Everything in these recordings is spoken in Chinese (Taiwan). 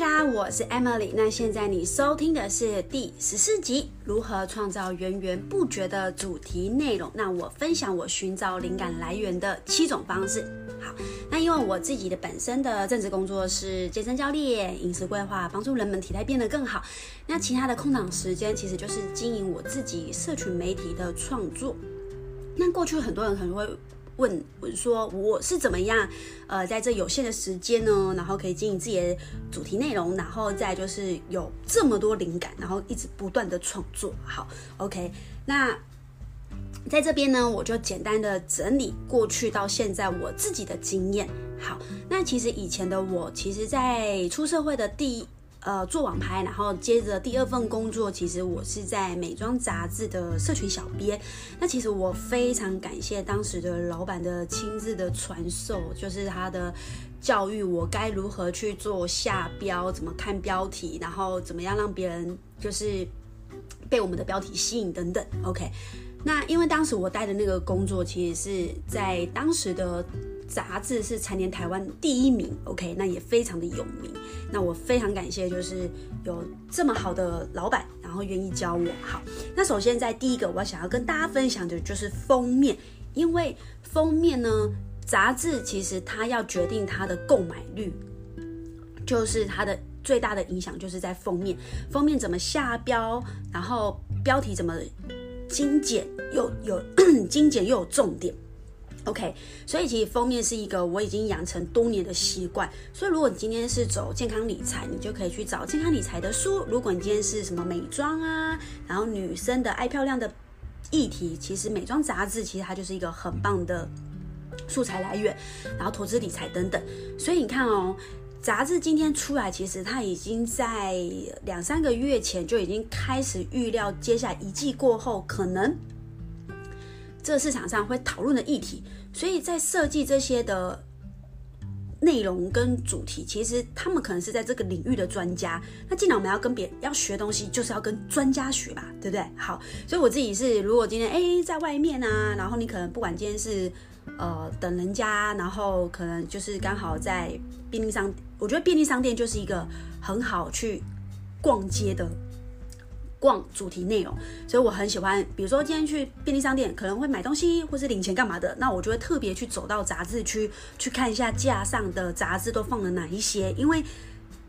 大家好，我是 Emily。那現在你收聽的是第十四集《如何創造源源不絕的主題內容》。那我分享我尋找靈感來源的七種方式。好，那因為我自己的本身的正職工作是健身教練、飲食規劃，幫助人們體態變得更好。那其他的空檔時間，其實就是經營我自己社群媒體的創作。那過去很多人可能會，問我說我是怎麼樣，呃，在這有限的時間呢，然後可以經營自己的主題內容，然後再就是有這麼多靈感，然後一直不斷的創作。好，OK，那在這邊呢，我就簡單的整理過去到現在我自己的經驗。好，那其實以前的我，其實在出社會的第一。呃，做網拍，然後接着第二份工作，其實我是在美妝雜誌的社群小編。那其實我非常感謝當時的老闆的親自的傳授，就是他的教育我該如何去做下標，怎麼看標題，然後怎麼樣讓別人就是被我們的標題吸引等等。OK，那因為當時我帶的那個工作，其實是在當時的。雜誌是蟬聯台灣第一名，OK，那也非常的有名。那我非常感謝，就是有這麼好的老闆，然後願意教我。好，那首先在第一個，我想要跟大家分享的就是封面，因為封面呢，雜誌其實它要決定它的購買率，就是它的最大的影響就是在封面。封面怎麼下標，然後標題怎麼精簡又有，有 精簡又有重點。OK，所以其實封面是一個我已經養成多年的習慣。所以如果你今天是走健康理財，你就可以去找健康理財的書；如果你今天是什麼美妝啊，然後女生的愛漂亮的議題，其實美妝雜誌其實它就是一個很棒的素材來源，然後投資理財等等。所以你看哦，雜誌今天出來，其實它已經在兩三個月前就已經開始預料，接下來一季過後可能。這個市場上會討論的議題，所以在設計這些的內容跟主題，其實他們可能是在這個領域的專家。那既然我們要跟別人要學東西，就是要跟專家學吧，對不對？好，所以我自己是，如果今天誒在外面啊，然後你可能不管今天是呃等人家，然後可能就是剛好在便利商，我覺得便利商店就是一個很好去逛街的。逛主題內容，所以我很喜歡。比如說今天去便利商店，可能會買東西或是領錢幹嘛的，那我就會特別去走到雜誌區去看一下架上的雜誌都放了哪一些。因為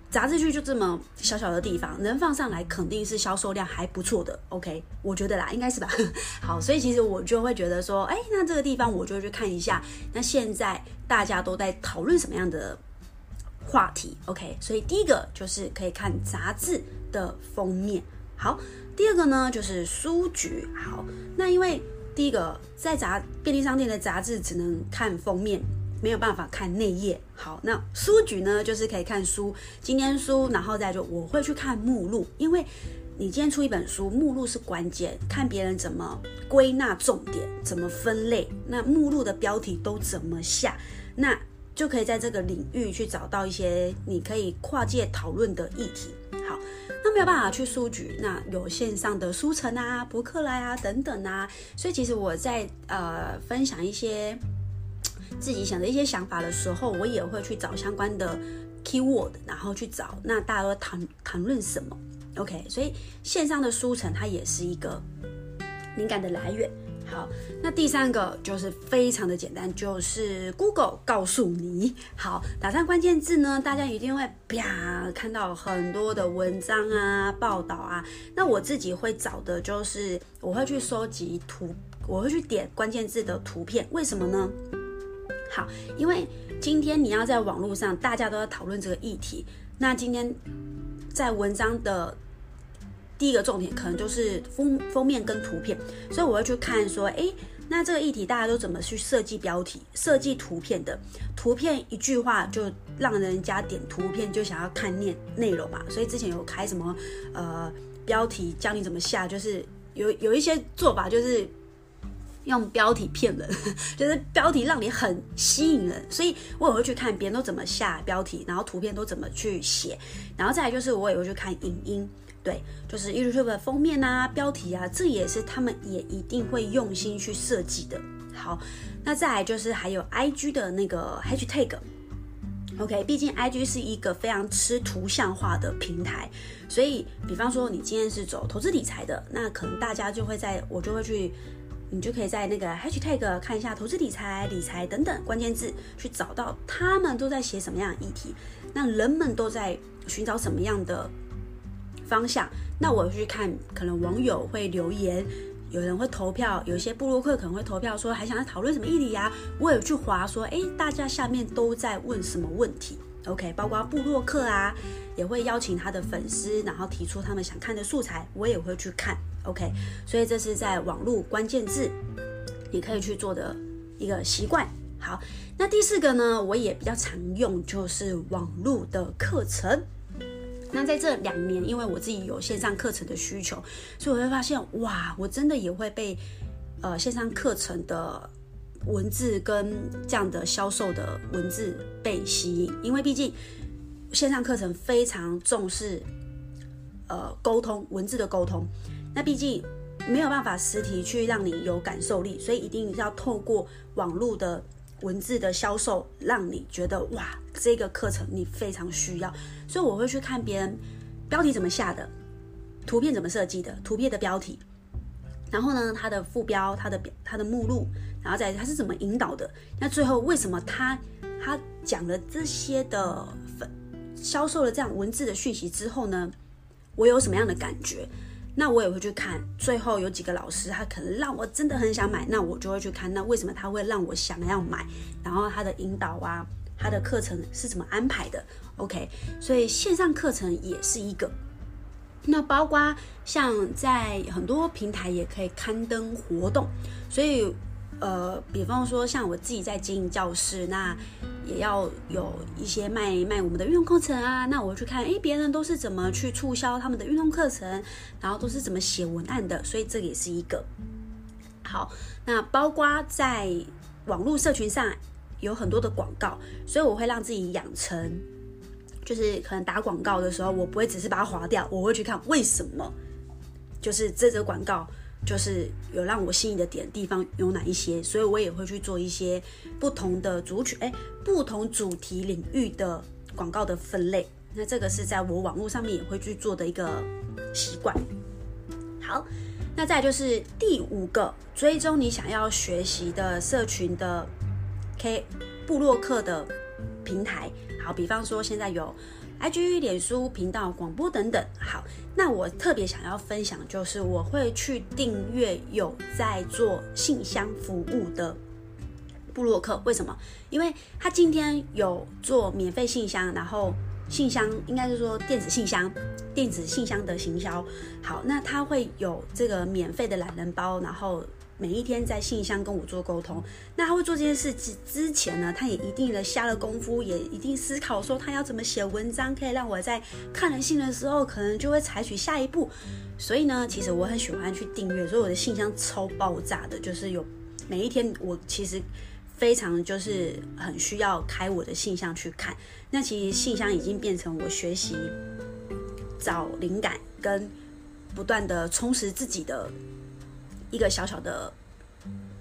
雜誌區就這麼小小的地方，能放上來肯定是銷售量還不錯的。OK，我覺得啦，應該是吧？ 好，所以其實我就會覺得說，哎、欸，那這個地方我就去看一下。那現在大家都在討論什麼樣的話題？OK，所以第一個就是可以看雜誌的封面。好，第二個呢，就是書局。好，那因為第一個在雜便利商店的雜誌只能看封面，沒有辦法看內頁。好，那書局呢，就是可以看書，今天書，然後再就我會去看目錄，因為你今天出一本書，目錄是關鍵，看別人怎麼歸納重點，怎麼分類，那目錄的標題都怎麼下，那就可以在這個領域去找到一些你可以跨界討論的議題。好，那沒有辦法去書局，那有線上的書城啊、博客來啊等等啊，所以其實我在呃分享一些自己想的一些想法的時候，我也會去找相關的 keyword，然後去找那大家都在談談論什麼。OK，所以線上的書城它也是一個靈感的來源。好，那第三個就是非常的簡單，就是 Google 告訴你，好，打上關鍵字呢，大家一定會啪看到很多的文章啊、報道啊。那我自己會找的就是，我會去收集圖，我會去點關鍵字的圖片，為什麼呢？好，因為今天你要在網絡上，大家都在討論這個議題，那今天在文章的。第一個重點可能就是封封面跟圖片，所以我會去看說，誒、欸,那這個議題大家都怎麼去設計標題、設計圖片的？圖片一句話就讓人家點圖片就想要看內內容嘛。所以之前有開什麼呃標題教你怎麼下，就是有有一些做法就是用標題騙人，就是標題讓你很吸引人。所以我也會去看別人都怎麼下標題，然後圖片都怎麼去寫，然後再來就是我也會去看影音。對，就是 YouTube 的封面啊、標題啊，這也是他們也一定會用心去設計的。好，那再來就是還有 IG 的那個 Hashtag，OK，okay, 畢竟 IG 是一個非常吃圖像化的平台，所以，比方說你今天是走投資理財的，那可能大家就會在，我就會去，你就可以在那個 Hashtag 看一下投資理財、理財等等關鍵字，去找到他們都在寫什麼樣的議題，那人們都在尋找什麼樣的。方向，那我去看，可能網友會留言，有人會投票，有些部落客可能會投票說還想要討論什麼議題呀、啊？我有去划說，誒、欸，大家下面都在問什麼問題？OK，包括部落客啊，也會邀請他的粉絲，然後提出他們想看的素材，我也會去看。OK，所以這是在網絡關鍵字，你可以去做的一個習慣。好，那第四個呢，我也比較常用，就是網絡的課程。那在這兩年，因為我自己有線上課程的需求，所以我會發現，哇，我真的也會被，呃，線上課程的文字跟這樣的銷售的文字被吸引，因為畢竟線上課程非常重視，呃，溝通文字的溝通。那畢竟沒有辦法實體去讓你有感受力，所以一定要透過網絡的文字的銷售，讓你覺得哇。這個課程你非常需要，所以我會去看別人標題怎麼下的，圖片怎麼設計的，圖片的標題，然後呢，他的副標、他的表、他的目錄，然後再他是怎麼引導的？那最後為什麼他他講了這些的粉，銷售了這樣文字的訊息之後呢？我有什麼樣的感覺？那我也會去看最後有幾個老師，他可能讓我真的很想買，那我就會去看那為什麼他會讓我想要買？然後他的引導啊。他的課程是怎麼安排的？OK，所以線上課程也是一個。那包括像在很多平台也可以刊登活動，所以呃，比方說像我自己在經營教室，那也要有一些賣賣我們的運動課程啊。那我去看，哎、欸，別人都是怎麼去促銷他們的運動課程，然後都是怎麼寫文案的，所以這也是一個。好，那包括在網絡社群上，有很多的廣告，所以我會讓自己養成，就是可能打廣告的時候，我不會只是把它劃掉，我會去看為什麼，就是這則廣告就是有讓我心儀的點地方有哪一些，所以我也會去做一些不同的族群，哎，不同主題領域的廣告的分類，那這個是在我網絡上面也會去做的一個習慣。好，那再就是第五個，追蹤你想要學習的社群的。K 部落客的平台，好，比方說現在有 IG 臉書頻道、廣播等等。好，那我特別想要分享，就是我會去訂閱有在做信箱服務的部落客。為什麼？因為他今天有做免費信箱，然後信箱應該就是說電子信箱，電子信箱的行銷。好，那他會有這個免費的懶人包，然後。每一天在信箱跟我做溝通，那他會做這件事之之前呢，他也一定的下了功夫，也一定思考說他要怎麼寫文章，可以讓我在看了信的時候，可能就會採取下一步。所以呢，其實我很喜歡去訂閱，所以我的信箱超爆炸的，就是有每一天我其實非常就是很需要開我的信箱去看。那其實信箱已經變成我學習找靈感跟不斷的充實自己的。一個小小的，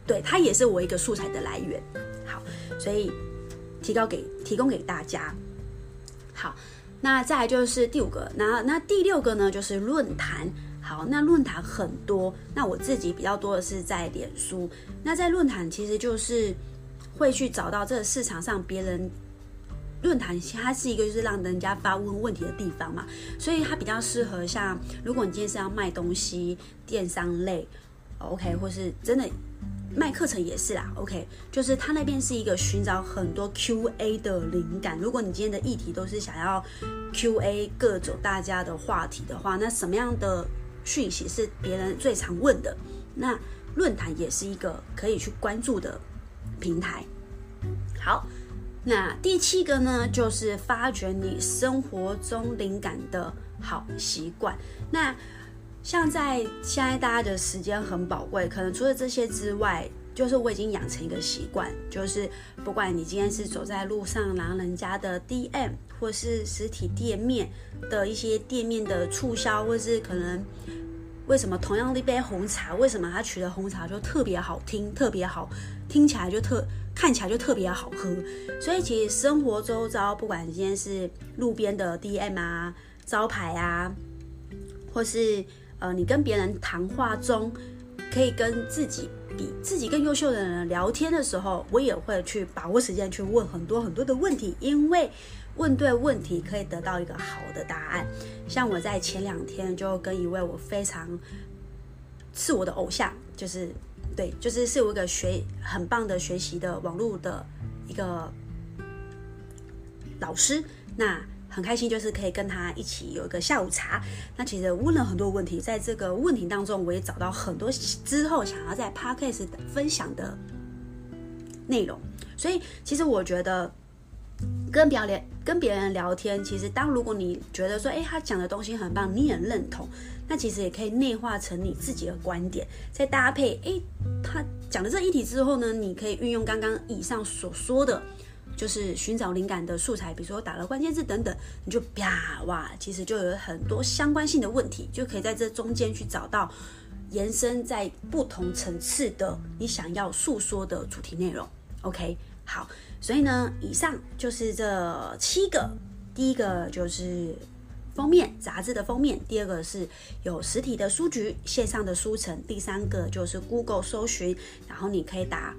對，它也是我一個素材的來源。好，所以提高給提供給大家。好，那再來就是第五個，那那第六個呢，就是論壇。好，那論壇很多，那我自己比較多的是在臉書。那在論壇其實就是會去找到這個市場上別人論壇，它是一個就是讓人家發問問題的地方嘛，所以它比較適合，像如果你今天是要賣東西，電商類。OK，或是真的賣課程也是啦。OK，就是他那邊是一個尋找很多 QA 的靈感。如果你今天的議題都是想要 QA 各種大家的話題的話，那什麼樣的訊息是別人最常問的？那論壇也是一個可以去關注的平台。好，那第七個呢，就是發掘你生活中靈感的好習慣。那像在現在，大家的時間很寶貴，可能除了這些之外，就是我已經養成一個習慣，就是不管你今天是走在路上，拿人家的 DM，或是實體店面的一些店面的促銷，或是可能為什麼同樣的一杯紅茶，為什麼他取的紅茶就特別好聽，特別好，聽起來就特，看起來就特別好喝。所以其實生活周遭，不管今天是路邊的 DM 啊，招牌啊，或是。呃，你跟別人談話中，可以跟自己比自己更優秀的人聊天的時候，我也會去把握時間去問很多很多的問題，因為問對問題可以得到一個好的答案。像我在前兩天就跟一位我非常是我的偶像，就是對，就是是我一個學很棒的學習的網絡的一個老師，那。很開心，就是可以跟他一起有一個下午茶。那其實問了很多問題，在這個問題當中，我也找到很多之後想要在 podcast 分享的內容。所以，其實我覺得跟別人跟別人聊天，其實當如果你覺得說，誒、欸、他講的東西很棒，你很認同，那其實也可以內化成你自己的觀點，再搭配，誒、欸、他講的這一題之後呢，你可以運用剛剛以上所說的。就是尋找靈感的素材，比如說打了關鍵字等等，你就啪哇，其實就有很多相關性的問題，就可以在這中間去找到延伸在不同層次的你想要訴說的主題內容。OK，好，所以呢，以上就是這七個，第一個就是封面雜誌的封面，第二個是有實體的書局、線上的書城，第三個就是 Google 搜尋，然後你可以打。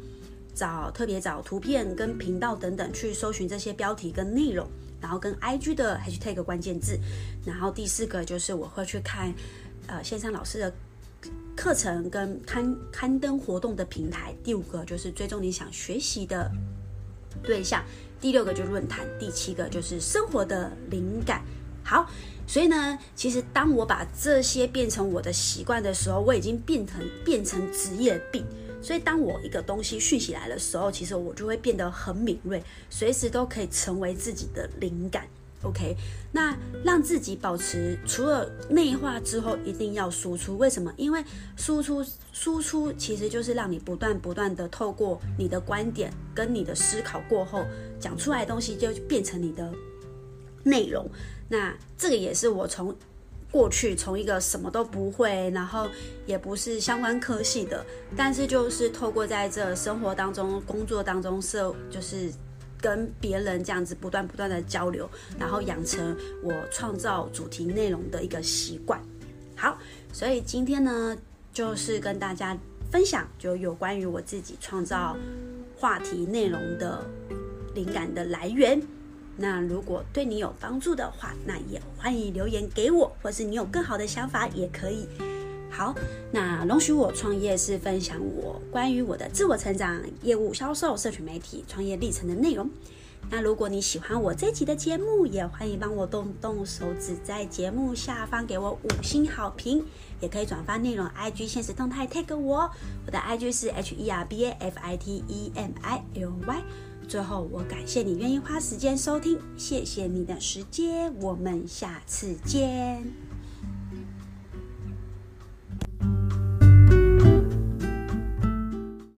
找特別找圖片跟頻道等等去搜尋這些標題跟內容，然後跟 IG 的 Hashtag 關鍵字，然後第四個就是我會去看，呃線上老師的課程跟刊刊登活動的平台，第五個就是追蹤你想學習的對象，第六個就是論壇，第七個就是生活的靈感。好，所以呢，其實當我把這些變成我的習慣的時候，我已經變成變成職業病。所以，當我一個東西訊息來的時候，其實我就會變得很敏銳，隨時都可以成為自己的靈感。OK，那讓自己保持除了內化之後，一定要輸出。為什麼？因為輸出輸出其實就是讓你不斷不斷的透過你的觀點跟你的思考過後講出來的東西，就變成你的內容。那這個也是我從。過去從一個什麼都不會，然後也不是相關科系的，但是就是透過在這生活當中、工作當中，是就是跟別人這樣子不斷不斷的交流，然後養成我創造主題內容的一個習慣。好，所以今天呢，就是跟大家分享，就有關於我自己創造話題內容的靈感的來源。那如果對你有幫助的話，那也歡迎留言給我，或是你有更好的想法也可以。好，那容許我創業是分享我關於我的自我成長、業務銷售、社群媒體創業歷程的內容。那如果你喜歡我這集的節目，也歡迎幫我動動手指，在節目下方給我五星好評，也可以轉發內容，IG 限時動態 tag 我，Take war, 我的 IG 是 H E R B A F I T E M I L Y。最後，我感謝你願意花時間收聽，謝謝你的時間，我們下次見。